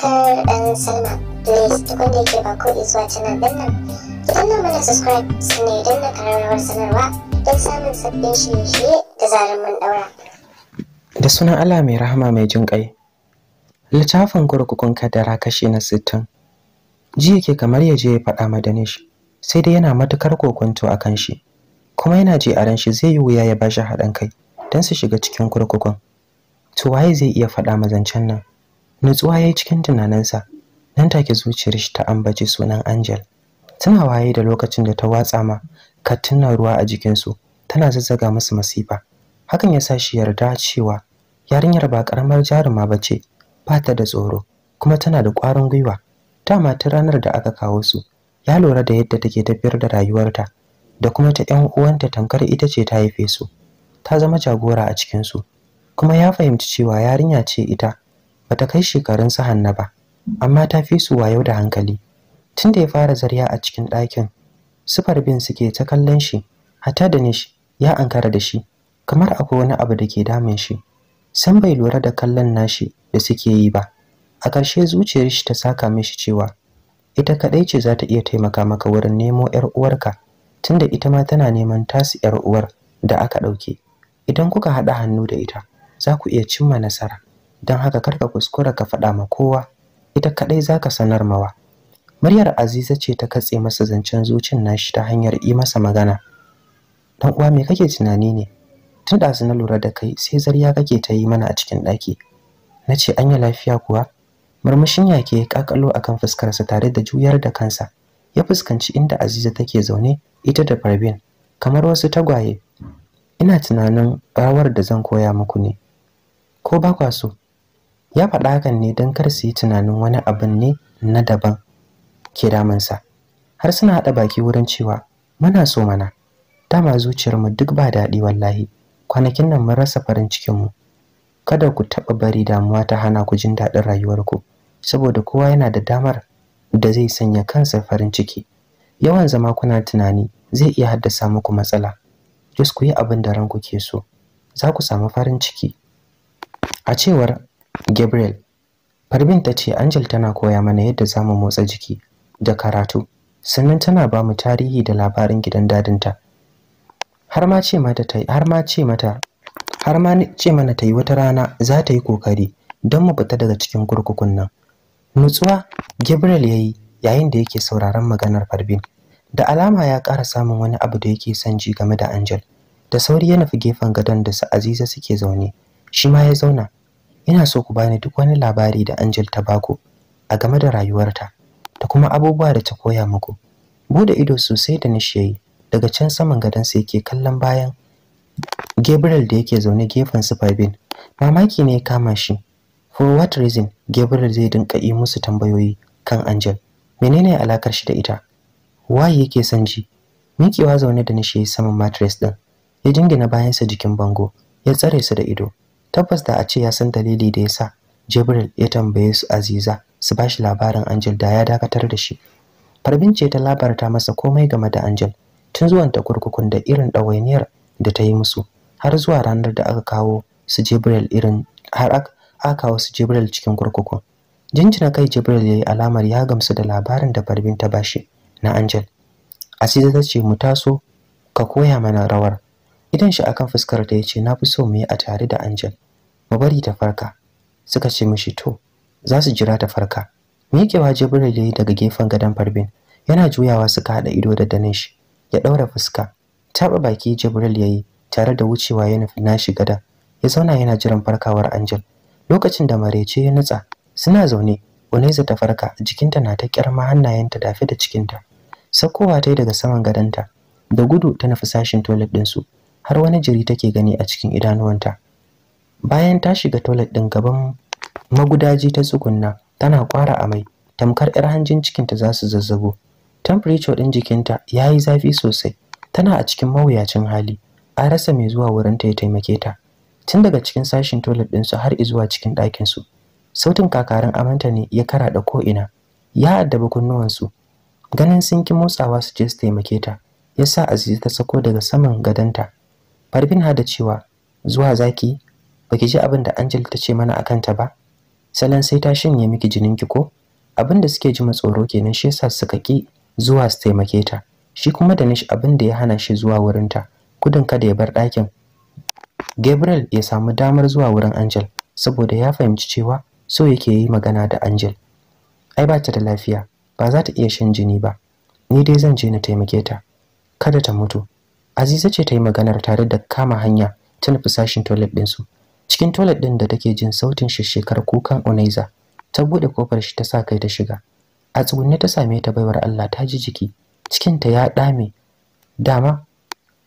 subscribe and sign up. Please tukun da yake ba ko zuwa canal din nan. Ki danna mana subscribe sannan idan na kararrawar sanarwa don samun sabbin shirye-shirye da zarar mun daura. Da sunan Allah mai rahama mai jin ƙai. Littafin kurkukun kadara kashi na sittin. Ji yake kamar ya je ya faɗa ma sai dai yana matukar kokonto a kan shi. Kuma yana ji a ran shi zai yi wuya ya bashi haɗin kai don su shiga cikin kurkukun. To waye zai iya faɗa mazancen nan? nutsuwa ya yi cikin tunaninsa nan take zuciyar shi ta ambaci sunan angel tana waye da lokacin da ta watsa ma katina ruwa a jikinsu tana zazzaga musu masifa hakan ya sa shi yarda cewa yarinyar ba karamar jaruma ba ce ba ta da tsoro kuma tana da ƙwarin gwiwa ta ta ranar da aka kawo su ya lura da yadda take tafiyar da rayuwarta da kuma ta ƴan uwanta tamkar ita ce ta haife su ta zama jagora a cikinsu kuma ya fahimci cewa yarinya ce ita bata kai shekarun su Hanna ba amma ta fi su wayo da hankali tunda ya fara zarya a cikin ɗakin sufar bin suke ta kallon shi hatta da nish ya ankara da shi kamar akwai wani abu da ke damun shi san bai lura da kallon nashi da suke yi ba a ƙarshe zuciyar shi ta saka mishi cewa ita kaɗai ce za ta iya taimaka maka wurin nemo 'yar uwarka tunda ita ma tana neman tasu 'yar uwar da aka ɗauke idan kuka haɗa hannu da ita za ku iya cimma nasara don haka karka kuskura ka faɗa ma kowa ita kaɗai za ka sanar mawa muryar aziza ce ta katse masa zancen zucin nashi ta hanyar yi masa magana dan uwa me kake tunani ne tun ɗazu na lura da kai sai zarya kake ta yi mana a cikin ɗaki na ce anya lafiya kuwa murmushin yake ya kakalo akan fuskarsa tare da juyar da kansa ya fuskanci inda aziza take zaune ita da farbin kamar wasu tagwaye ina tunanin rawar da zan koya muku ne ko ba kwa so ya faɗa hakan ne don kar su yi tunanin wani abin ne na daban ke damansa har suna haɗa baki wurin cewa muna so mana dama zuciyarmu duk ba daɗi wallahi kwanakin nan mun rasa farin cikinmu kada ku taɓa bari damuwa ta hana ku jin daɗin rayuwarku saboda kowa yana da damar da zai sanya kansa farin ciki yawan zama kuna tunani zai iya haddasa muku matsala just ku yi abin da ranku ke so za ku samu farin ciki a cewar Gabriel. Farbin ta ce Angel tana koya mana yadda za mu motsa jiki da karatu, sannan tana ba mu tarihi da labarin gidan dadinta. Har ma ce mata ta har ma ce mata har ma ce mana ta yi wata rana za ta yi kokari don mu fita daga cikin kurkukun nan. Nutsuwa Gabriel ya yi yayin da yake sauraron maganar Farbin. Da alama ya ƙara samun wani abu da yake son ji game da Angel. Da sauri ya nufi gefen gadon da su Aziza suke zaune. Shi ma ya zauna ina so ku bani duk wani labari da Angel ta bako a game da rayuwarta da kuma abubuwa da ta koya muku bude ido sosai da nishiyayi daga can saman gadon sai yake kallon bayan Gabriel da yake zaune gefen su Fabin mamaki ne ya kama shi for what reason Gabriel zai dinka yi musu tambayoyi kan Angel menene alakar shi da ita waye yake son ji miƙewa zaune da nishiyai saman mattress din ya jingina bayansa jikin bango ya tsare su da ido tabbas da a ce ya san dalili da ya sa Jibril ya tambaye su Aziza su bashi labarin Angel da ya dakatar da shi Farbin ce ta labarta masa komai game da Angel tun zuwanta kurkukun da irin ɗawainiyar da ta yi musu har zuwa ranar da aka kawo su Jibril irin har aka kawo su Jibril cikin kurkukun jinjina kai Jibril ya yi alamar ya gamsu da labarin da Farbin ta bashi na Angel Aziza ta ce mu taso ka koya mana rawar idan shi akan fuskar ta yace na fi so mu yi a tare da Angel mu bari ta farka suka ce mishi to za su jira ta farka miƙewa Jibril yayi daga gefen gadon Farbin yana juyawa suka hada ido da Danish ya daura fuska taba baki Jibril yayi tare da wucewa ya nufi nashi gada ya zauna yana jiran farkawar Angel lokacin da marece ya nutsa suna zaune Uneza ta farka jikinta na ta kyarma hannayenta dafe da cikinta sakowa ta yi daga saman gadonta da gudu ta nufi sashin toilet ɗinsu har wani jiri take gani a cikin idanuwanta bayan ta shiga toilet din gaban magudaji ta tsugunna tana kwara amai tamkar yar hanjin cikinta za su zazzabo temperature din jikinta ya yi zafi sosai tana a cikin mawuyacin hali a rasa mai zuwa wurin ta ya taimake ta tun daga cikin sashin toilet su har zuwa cikin ɗakin su sautin kakarin amanta ne ya karaɗa ko'ina ya addaba kunnuwansu ganin sun ki motsawa su je su taimake ta ya sa ta sako daga saman gadonta Farbin da cewa zuwa zaki baki ji abin da Angel ta ce mana akan ta ba salan sai ta shinye miki jininki ko abin da suke ji matsoro kenan shi yasa suka ki zuwa su taimake ta shi kuma Danish abin da ya hana shi zuwa wurin ta gudun kada ya bar ɗakin Gabriel ya samu damar zuwa wurin Angel saboda ya fahimci cewa so yake yi magana da Angel ai ba ta da lafiya ba za ta iya shan jini ba ni dai zan je na taimake ta kada ta mutu Aziza ce ta yi maganar tare da kama hanya ta nufi sashin toilet ɗinsu. Cikin toilet ɗin da take jin sautin shekarar kukan oneza. ta buɗe kofar shi ta sa kai ta shiga. A tsugunne ta same ta baiwar Allah ta ji jiki, cikinta ya ɗame. Dama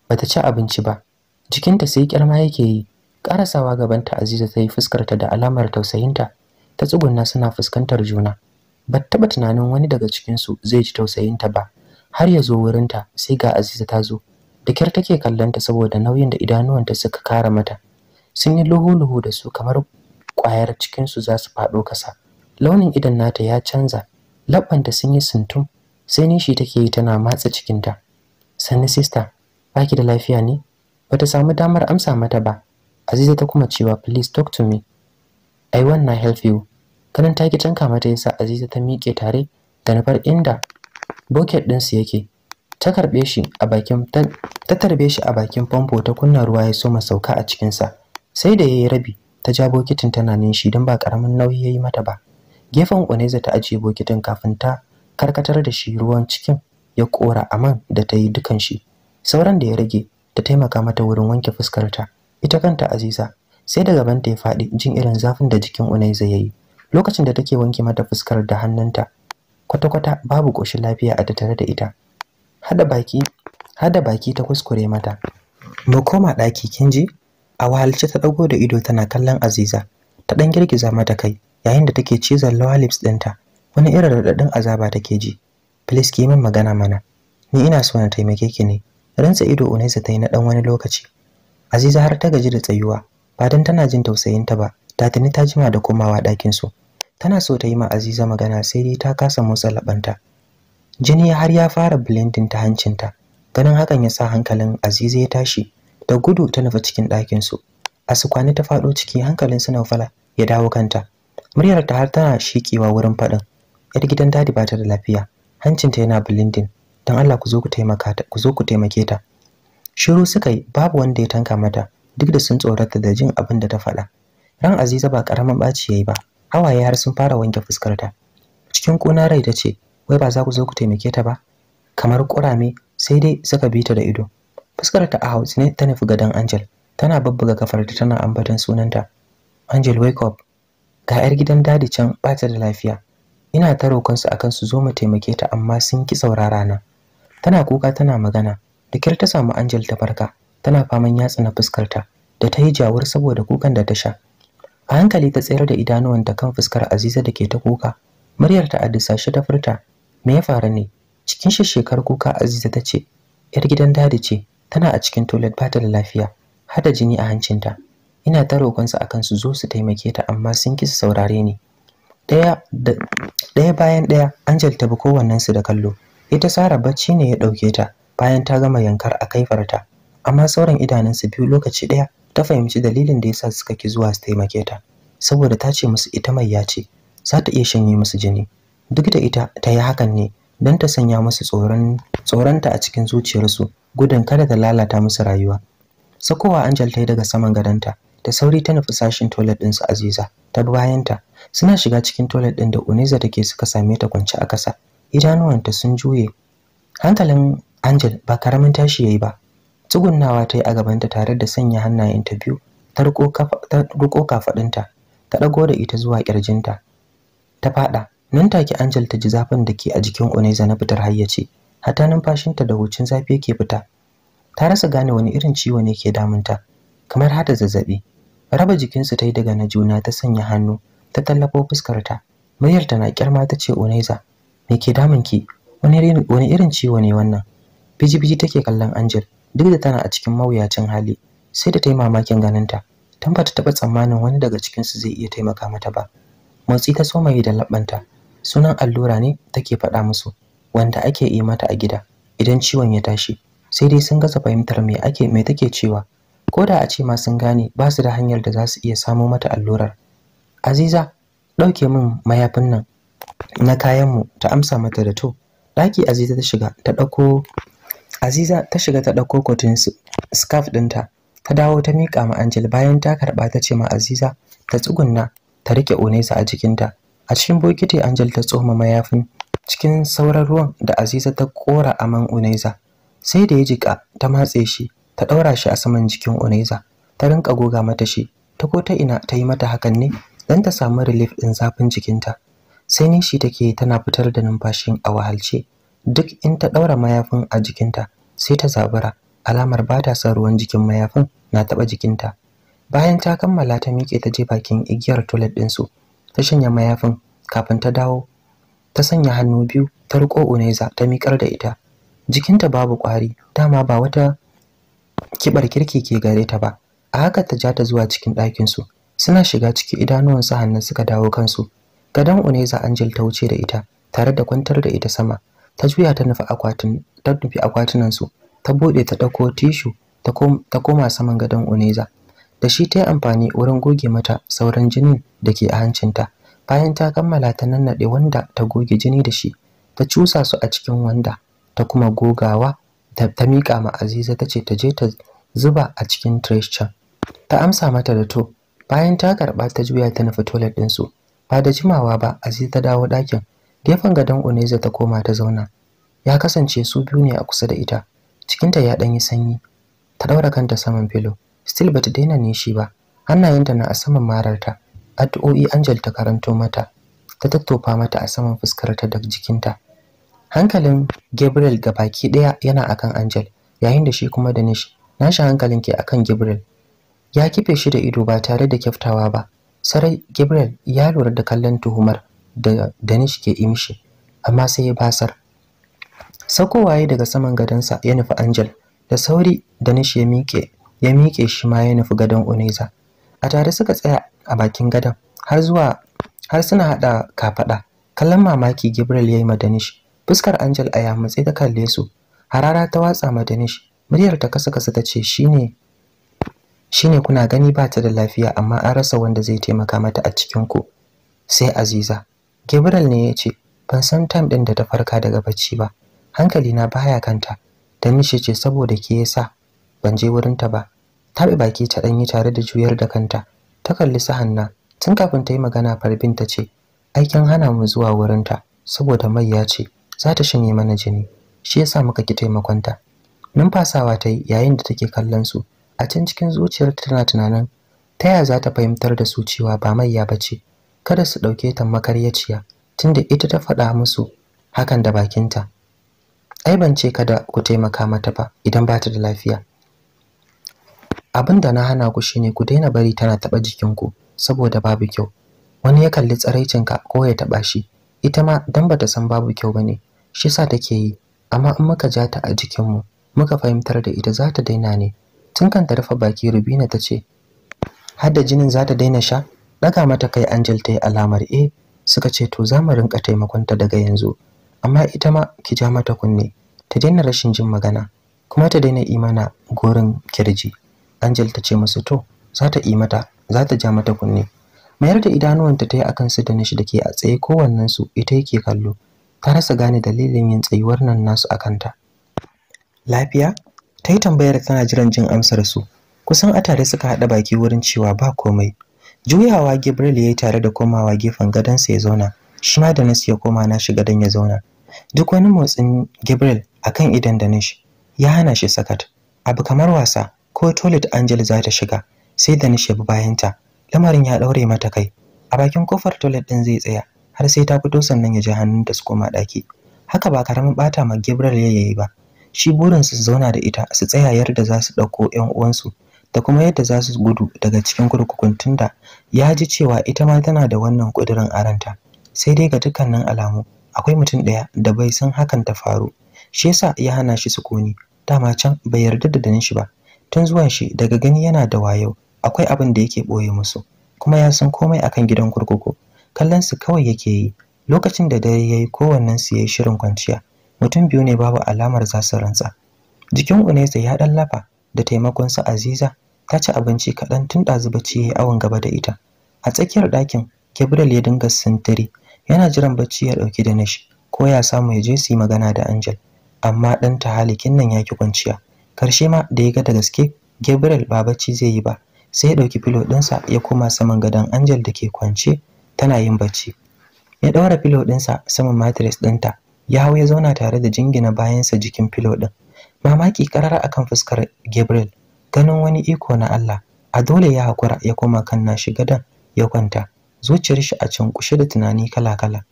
bata ci abinci ba, jikinta sai ƙyarma yake yi. Karasawa gabanta Aziza ta yi fuskarta da alamar tausayinta, ta tsugunna suna fuskantar juna. Ba taɓa tunanin wani daga cikinsu zai ji tausayinta ba, har ya zo wurinta sai ga Aziza ta zo. da kyar take kallonta saboda nauyin da idanuwanta suka kara mata sun yi luhu-luhu da su kamar ƙwayar cikinsu za su faɗo kasa. launin idan nata ya canza labbanta sun yi suntum sai nishi take yi tana matsa cikinta Sani sista baki da lafiya ne bata samu damar amsa mata ba aziza ta kuma cewa please talk to me i want na help you kanan taki canka mata yasa aziza ta miƙe tare da nufar inda bucket ɗinsu yake ta karbe shi a bakin ta tarbe shi a bakin famfo ta kunna ruwa ya soma sauka a cikin sa sai da yayi rabi ta ja bokitin tana shi don ba karamin nauyi yayi mata ba gefen Oneza ta ajiye bokitin kafin ta karkatar da shi ruwan cikin ya kora aman da ta yi dukan shi sauran da ya rage ta taimaka mata wurin wanke fuskar ta. ita kanta Aziza sai da ta ya faɗi jin irin zafin da jikin Oneza yayi lokacin da take wanke mata fuskar da hannunta kwata-kwata babu ƙoshin lafiya a tattare da ita hada baki hada baki ta kuskure mata mu koma ɗaki kin ji a wahalce ta ɗago da ido tana kallon aziza ta ɗan girgiza mata kai yayin da take cizon lower lips ɗinta wani irin raɗaɗin azaba take ji please ki min magana mana ni ina so na taimake ki ne rantsa ido unaisa ta yi na ɗan wani lokaci aziza har ta gaji da tsayuwa ba dan tana jin tausayin ta ba ta tuni ta jima da komawa su tana so ta yi ma aziza magana sai dai ta kasa motsa labanta jini har ya fara blending ta hancinta ganin hakan ya sa hankalin aziza ya tashi da gudu ta nufi cikin ɗakinsu a kwani ta faɗo ciki hankalin suna fala ya dawo kanta muryar ta har tana shiƙewa wurin faɗin yar gidan dadi ba ta da lafiya hancinta yana blending don allah ku zo ku taimaka ta ku zo ku taimake ta shiru suka yi babu wanda ya tanka mata duk da sun tsorata da jin abin da ta faɗa ran aziza ba karaman baci ya yi ba hawaye har sun fara wanke fuskarta cikin ƙuna rai ta ce wai ba za ku zo ku taimake ta ba kamar kurame sai dai suka bi ta da ido fuskar ta a hausa ne ta nufi gadon Angel tana babbuga kafarta tana ambaton sunanta Angel wake up ga yar gidan dadi can bata da lafiya ina ta rokon su akan su zo mu taimake ta amma sun ki saurara na tana kuka tana magana da kyar ta samu Angel ta farka tana faman yatsa na fuskar ta da ta yi jawur saboda kukan da ta sha a hankali ta tsayar da idanuwanta kan fuskar Aziza da ke ta kuka muryar ta a shi ta furta me ya faru ne cikin shi shekar kuka aziza ta ce yar gidan dadi ce tana a cikin toilet ba ta da lafiya hada jini a hancinta ina ta roƙonsu akan su zo su taimake ta amma sun ki su saurare ni daya daya bayan daya Angel ta bi kowannen su da kallo ita Sara bacci ne ya dauke ta bayan ta gama yankar a kaifarta amma sauran idanun su biyu lokaci daya ta fahimci dalilin da yasa suka ki zuwa su taimake ta saboda ta ce musu ita mai ya ce za ta iya shanye musu jini duk da ita ta yi hakan ne don ta sanya musu tsoronta a cikin zuciyarsu gudun kada ta lalata musu rayuwa sakowa angel ta yi daga saman gadonta da sauri ta nufi sashin toilet ɗinsu aziza ta bayanta suna shiga cikin toilet ɗin da uneza take suka same ta kwance a ƙasa idanuwanta sun juye hankalin angel ba karamin tashi ya yi ba tsugunnawa ta yi a gabanta tare da sanya hannayenta biyu ta riko kafaɗinta ta ɗago da ita zuwa ƙirjinta ta faɗa nan take Angel ta ji zafin da ke a jikin Oneza na fitar hayyace hata numfashinta da wucin zafi yake fita ta rasa gane wani irin ciwo ne ke damunta kamar hada zazzabi raba jikinsu ta yi daga na juna ta sanya hannu ta tallafo fuskarta muryar ta na kyarma ta ce Oneza me ke damun ki? wani irin ciwo ne wannan biji-biji take kallon Angel duk da tana a cikin mawuyacin hali sai da ta yi mamakin ganinta tan bata ta taɓa tsammanin wani daga cikinsu zai iya taimaka mata ba motsi ta somaye da labbanta sunan allura ne take faɗa musu wanda ake yi mata a gida idan ciwon ya tashi sai dai sun gasa fahimtar me ake me take cewa ko da a ce ma sun gane ba su da hanyar da za su iya samo mata allurar aziza ɗauke min mayafin nan na kayanmu ta amsa mata da to ɗaki aziza ta shiga ta ɗauko aziza ta shiga ta ɗauko cotton scarf ɗinta ta dawo ta miƙa ma angel bayan ta karɓa ta ce ma aziza ta tsugunna ta riƙe onesa a jikinta a cikin bokiti Angel ta tsoma mayafin cikin sauran ruwan da Aziza ta kora man uneza. sai da ya jika ta matse shi ta daura shi a saman jikin uneza, ta rinka goga mata shi ta ko ta ina ta yi mata hakan ne dan ta samu relief din zafin jikinta sai ne shi take tana fitar da numfashin a wahalce duk in ta daura mayafin a jikinta sai ta zabura alamar ba ta son ruwan jikin mayafin na taba jikinta bayan ta kammala ta miƙe ta je bakin igiyar toilet din su ta shanya mayafin kafin ta dawo ta sanya hannu biyu ta riko Uneza ta mikar da ita jikinta babu kwari dama ba wata kibar kirki ke gare ta ba a haka ta ja ta zuwa cikin ɗakin su suna shiga ciki idanuwansu hannun suka dawo kansu gadon Uneza Angel ta wuce da ita tare da kwantar da ita sama ta juya ta nufi akwatin ta nufi akwatunan su ta bude ta dauko tishu ta koma saman gadon Uneza da shi ta yi amfani wurin goge mata sauran jinin da ke a hancinta bayan ta kammala ta nannaɗe wanda ta goge jini da shi ta cusa su a cikin wanda ta kuma gogawa ta, ta miƙa ma aziza ta ce ta je ta zuba a cikin trash ta amsa mata da to bayan ta karɓa ta juya ta nufi toilet ɗinsu ba da jimawa ba aziza ta dawo ɗakin gefen gadon uneza ta koma ta zauna ya kasance su biyu ne a kusa da ita cikinta ya ɗanyi sanyi ta ɗaura kanta saman filo still bata daina nishi ba hannayenta na a saman mararta addu'o'i angel ta karanto mata ta tattofa mata a saman fuskarta da jikinta hankalin gabriel ga baki daya yana akan angel yayin da shi kuma da Na nashi hankalin ke akan gabriel ya kife shi da ido ba tare da kyaftawa ba sarai gabriel ya lura da kallon tuhumar da danish ke yi amma sai ya basar sakowaye daga saman gadonsa ya nufi angel da sauri danish ya miƙe ya miƙe shi ma ya nufi gadon Uneza. A tare suka tsaya a bakin gadon har zuwa har suna haɗa kafaɗa. Kallon mamaki Gabriel ya yi ma danish Fuskar Angel a yamutse ta kalle su. Harara ta watsa ma danish Muryar ta kasa kasa ta ce shine shine kuna gani ba ta da lafiya amma an rasa wanda zai taimaka mata a cikin ku. Sai Aziza. Gabriel ne ya ce ban san time ɗin da ta farka daga bacci ba. Hankali na baya kanta. danish ya ce saboda ke yasa ban je wurinta ba. taɓe baki ta ɗanyi tare da juyar da kanta ta kalli su hanna tun kafin ta yi magana farbin ta ce aikin hana mu zuwa wurinta saboda mai ya ce za ta shanye mana jini shi yasa muka ki taimakonta numfasawa ta yi yayin da take kallon su a can cikin zuciyarta tana tunanin ta yaya za ta fahimtar da su cewa ba mai ya bace? kada su ɗauke ta makaryaciya tunda ita ta faɗa musu hakan da bakinta ai ban ce kada ku taimaka mata ba idan ba ta da lafiya abin da na hana ku shine ku daina bari tana taɓa ku saboda babu kyau wani ya kalli tsaraicinka ko ya taɓa shi ita ma dan bata san babu kyau bane shi yasa take yi amma in muka ja ta a jikinmu muka fahimtar da ita za ta daina ne tun kan ta rufe baki rubina tace ce har jinin za ta daina sha daga mata kai angel ta yi alamar e suka ce to za mu rinka taimakonta daga yanzu amma ita ma ki ja mata kunne ta daina rashin jin magana kuma ta daina imana gorin kirji Angel ta ce musu to za ta yi mata za ta ja mata kunne mayar da idanuwanta ta yi akan su da nishi da ke a tsaye kowannen su ita yake kallo ta rasa gane dalilin yin tsayuwar nan nasu a kanta lafiya ta yi tambayar tana jiran jin amsar su kusan a tare suka haɗa baki wurin cewa ba komai juyawa gabriel ya yi tare da komawa gefen gadonsa ya zauna shi ma da nasu ya koma na shi gadon ya zauna duk wani motsin gabriel akan idan da nishi ya hana shi sakat abu kamar wasa ko toilet Angel za ta shiga sai da nishe bayanta lamarin ya daure mata kai a bakin kofar toilet din zai tsaya har sai ta fito sannan ya ji hannunta su koma daki haka ba karamin bata ma Gabriel ya yi ba shi burin su zauna da ita su tsaya yarda za su dauko ƴan uwansu da kuma yadda za su gudu daga cikin kurkukun tunda ya ji cewa ita ma tana da wannan kudirin aranta sai dai ga dukkanin alamu akwai mutum daya da bai san hakan ta faru shi yasa ya hana shi su sukuni dama can bai yarda da danin shi ba tun zuwan shi daga gani yana da wayo akwai abin da yake boye musu kuma ya san komai akan gidan kurkuku kallon su kawai yake yi lokacin da dare yayi kowannen su yayi shirin kwanciya mutum biyu ne babu alamar za su rantsa jikin Unesa ya dan lafa da taimakon sa Aziza ta ci abinci kaɗan tun ɗazu bacci yayi awon gaba da ita a tsakiyar ɗakin Gabriel ya dinga sintiri yana jiran bacci ya ɗauki da nishi, ko ya samu ya je su yi magana da Angel amma ɗan ta halikin nan ya ki kwanciya karshe ma da ya ga da gaske gabriel ba bacci zai yi ba sai ya ɗauki filo ɗinsa ya koma saman gadon angel da ke kwance tana yin bacci ya ɗaura filo ɗinsa saman matres ɗinta ya hau ya zauna tare da jingina bayansa jikin filo ɗin mamaki karara akan fuskar gabriel ganin wani iko na allah a dole ya haƙura ya koma kan nashi gadon ya kwanta zuciyar shi a cunkushe da tunani kala-kala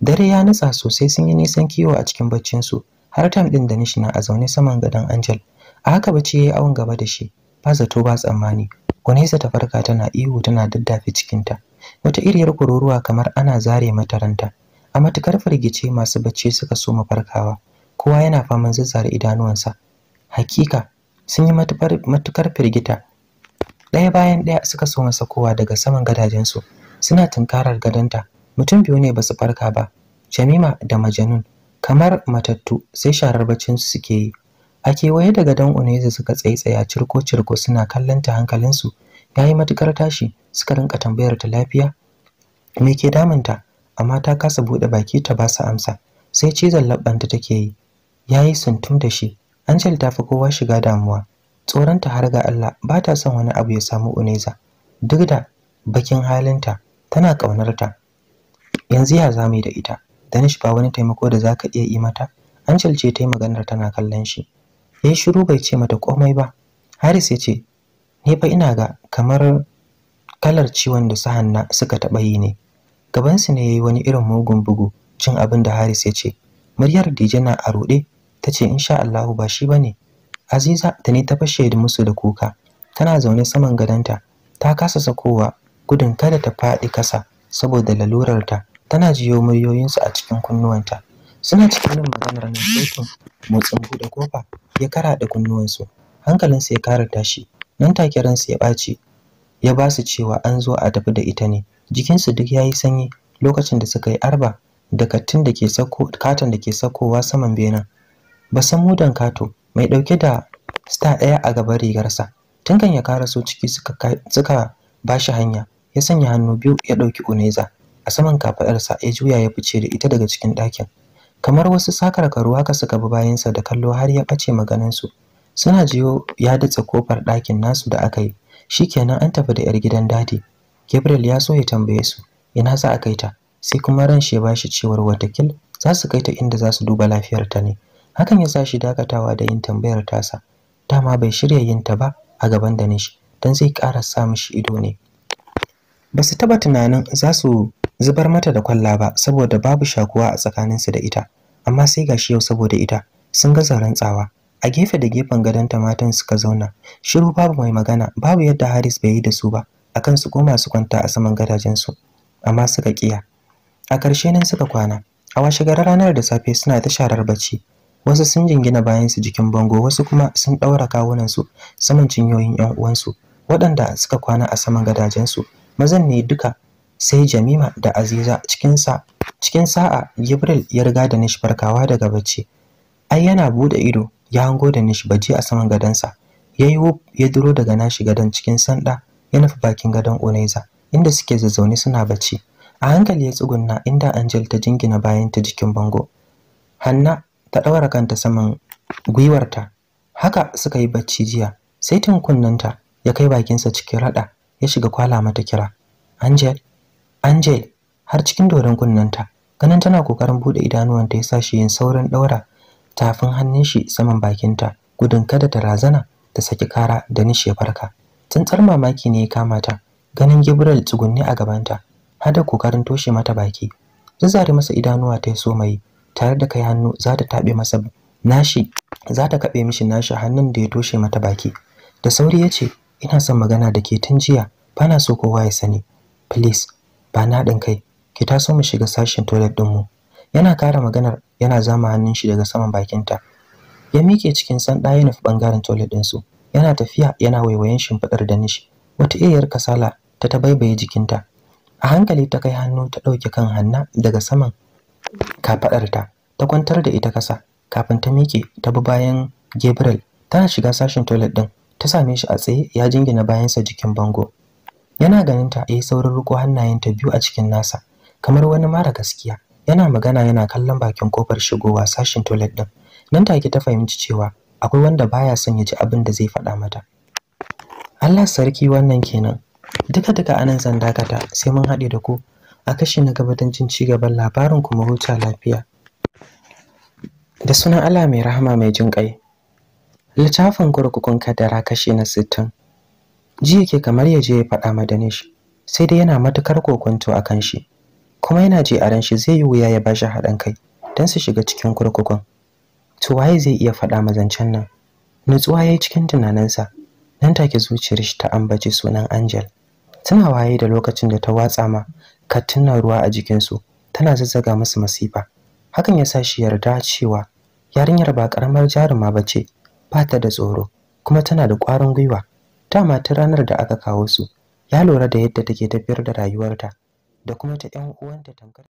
dare ya nutsa sosai sun yi nisan kiwo a cikin baccinsu har tam ɗin da nishina a zaune saman gadon angel a haka bace ya yi awon gaba da shi ba zato ba tsammani Unesa ta farka tana ihu tana daddafe cikinta wata iriyar kururuwa kamar ana zare mata ranta a matukar firgice masu bacci suka soma farkawa kowa yana faman zazzare idanuwansa hakika sun yi matukar firgita ɗaya bayan ɗaya suka so masa kowa daga saman gadajensu suna tunkarar gadonta mutum biyu ne basu farka ba jamima da majanun kamar matattu sai sharar baccinsu suke yi a kewaye da gadon uneza suka tsaitsaya cirko-cirko suna kallon ta hankalinsu ya yi matukar tashi suka rinka tambayar ta lafiya me ke damun ta? amma ta kasa buɗe baki ta ba su amsa sai cizon ta take yi ya yi suntum da shi angel ta fi kowa shiga damuwa tsoronta har ga allah ba ta son wani abu ya samu uneza duk da bakin halinta tana ƙaunarta yanzu ya za mu yi da ita danish ba wani taimako da za ka iya yi mata angel ce ta yi maganar tana kallon shi ya shiru bai ce mata komai ba haris ya ce ni fa ina ga kamar kalar ciwon da su hanna suka taɓa yi ne gabansu ne ya yi wani irin mugun bugu cin abin da haris ya ce muryar dije na a ruɗe ta ce insha allahu ba shi ba ne aziza ta ne ta fashe musu da kuka tana zaune saman gadonta ta kasa sakowa gudun kada ta faɗi kasa saboda lalurar ta. tana jiyo muryoyinsu a cikin kunnuwanta suna cikin yin maganar nan sautin motsin buɗe kofa ya karada kunnuwansu hankalinsu ya kara tashi nan take ransu ya ɓaci ya ba su cewa an zo a tafi da ita ne jikinsu duk ya yi sanyi lokacin da suka yi arba da katin da ke sako katon da ke sakowa saman benen basan mudan kato mai ɗauke da star ɗaya a gaban rigarsa kan ya kara su ciki suka suka ba shi hanya ya sanya hannu biyu ya ɗauki uneza a saman kafaɗarsa ya juya ya fice da ita daga cikin ɗakin kamar wasu sakar ruwa haka suka bi bayansa da kallo har ya ɓace maganinsu suna jiyo ya datsa kofar ɗakin nasu da aka yi shikenan an tafi da 'yar gidan dadi gabriel ya so ya tambaye su ina za a kai ta sai kuma ran shi ya bashi cewar watakil za su kai ta inda za su duba lafiyarta ne hakan ya sa shi dakatawa da yin tambayar tasa dama bai shirya yin ta ba a gaban da shi, don zai ƙara sa mishi ido ne ba su taba tunanin za su zubar mata da kwalla ba saboda babu shakuwa a tsakaninsu da ita amma sai gashi yau saboda ita sun ga zaren tsawa a gefe da gefen gadon matan suka zauna shiru babu mai magana babu yadda Haris bai yi da su ba akan su koma su kwanta a saman gadajensu amma suka kiya a ƙarshe nan suka kwana a washegarar ranar da safe suna ta sharar bacci wasu sun jingina bayan su jikin bango wasu kuma sun ɗaura kawunansu saman cinyoyin 'yan uwansu waɗanda suka kwana a saman gadajensu mazan ne duka sai Jamima da Aziza cikinsa cikin sa'a Jibril ya riga da Nish barkawa daga bacci ai yana bude ido ya hango da Nish baje a saman gadansa yayi wuf ya duro daga nashi gadan cikin sanda ya nufi bakin gadan Oneza inda suke zazzaune suna bacci a hankali ya tsugunna inda Angel ta jingina bayan ta jikin bango Hanna ta ɗaura kanta saman gwiwarta haka suka yi bacci jiya sai kunnanta ya kai bakinsa cikin rada ya shiga kwala mata kira angel angel har cikin doron kunnenta ganin tana kokarin bude idanuwanta ya sa shi yin sauran daura tafin hannun shi saman bakinta gudun kada ta razana ta saki kara da nishi ya farka tsantsar mamaki ne ya kama ta ganin Gabriel tsugunne a gabanta har da kokarin toshe mata baki zazzare masa idanuwa ta so mai tare da kai hannu za ta tabe masa nashi za ta kabe mishi nashi hannun da ya toshe mata baki da sauri ya ce ina son magana da ke tun jiya bana so kowa ya sani please ba na haɗin kai ki taso mu shiga sashen toilet din mu yana kara maganar yana zama hannun shi daga saman bakinta ya mike cikin san ɗaya nufi ɓangaren toilet din su yana tafiya yana waiwayen shimfiɗar da nishi wata iyayar kasala ta ta jikin jikinta a hankali ta kai hannu ta ɗauke kan hanna daga saman kafaɗarta ta kwantar da ita kasa kafin ta miƙe ta bi bayan gabriel tana shiga sashen toilet ɗin ta same shi a tsaye ya jingina bayansa jikin bango yana ganin ta yi eh, saurin riko hannayenta biyu a cikin nasa kamar wani mara gaskiya yana magana yana kallon bakin kofar shigowa sashin toilet din nan take ta fahimci cewa akwai wanda baya son ya ji abin da zai faɗa mata Allah sarki wannan kenan duka duka anan zan dakata sai mun haɗe da ku a kashi na gabatancin ci gaban labarin kuma huta lafiya da sunan Allah mai rahama mai jin ƙai littafin kurkukun kadara kashe na sittin ji ke kamar ya je ya faɗa ma danish sai dai yana matukar kokonto a kan shi kuma yana je a ran shi zai yi wuya ya bashi haɗin kai don su shiga cikin kurkukun to waye zai iya faɗa ma zancen nan nutsuwa ya yi cikin tunaninsa nan take zuciyar shi ta ambaci sunan angel tana waye da lokacin da ta watsa ma katina ruwa a jikinsu tana zazzaga musu masifa hakan ya sa shi yarda cewa yarinyar ba karamar jaruma ba ce ba ta da tsoro kuma tana da ƙwarin gwiwa dama ta ranar da aka kawo su ya lura da yadda take tafiyar da rayuwarta da kuma ta 'yan uwanta tamkar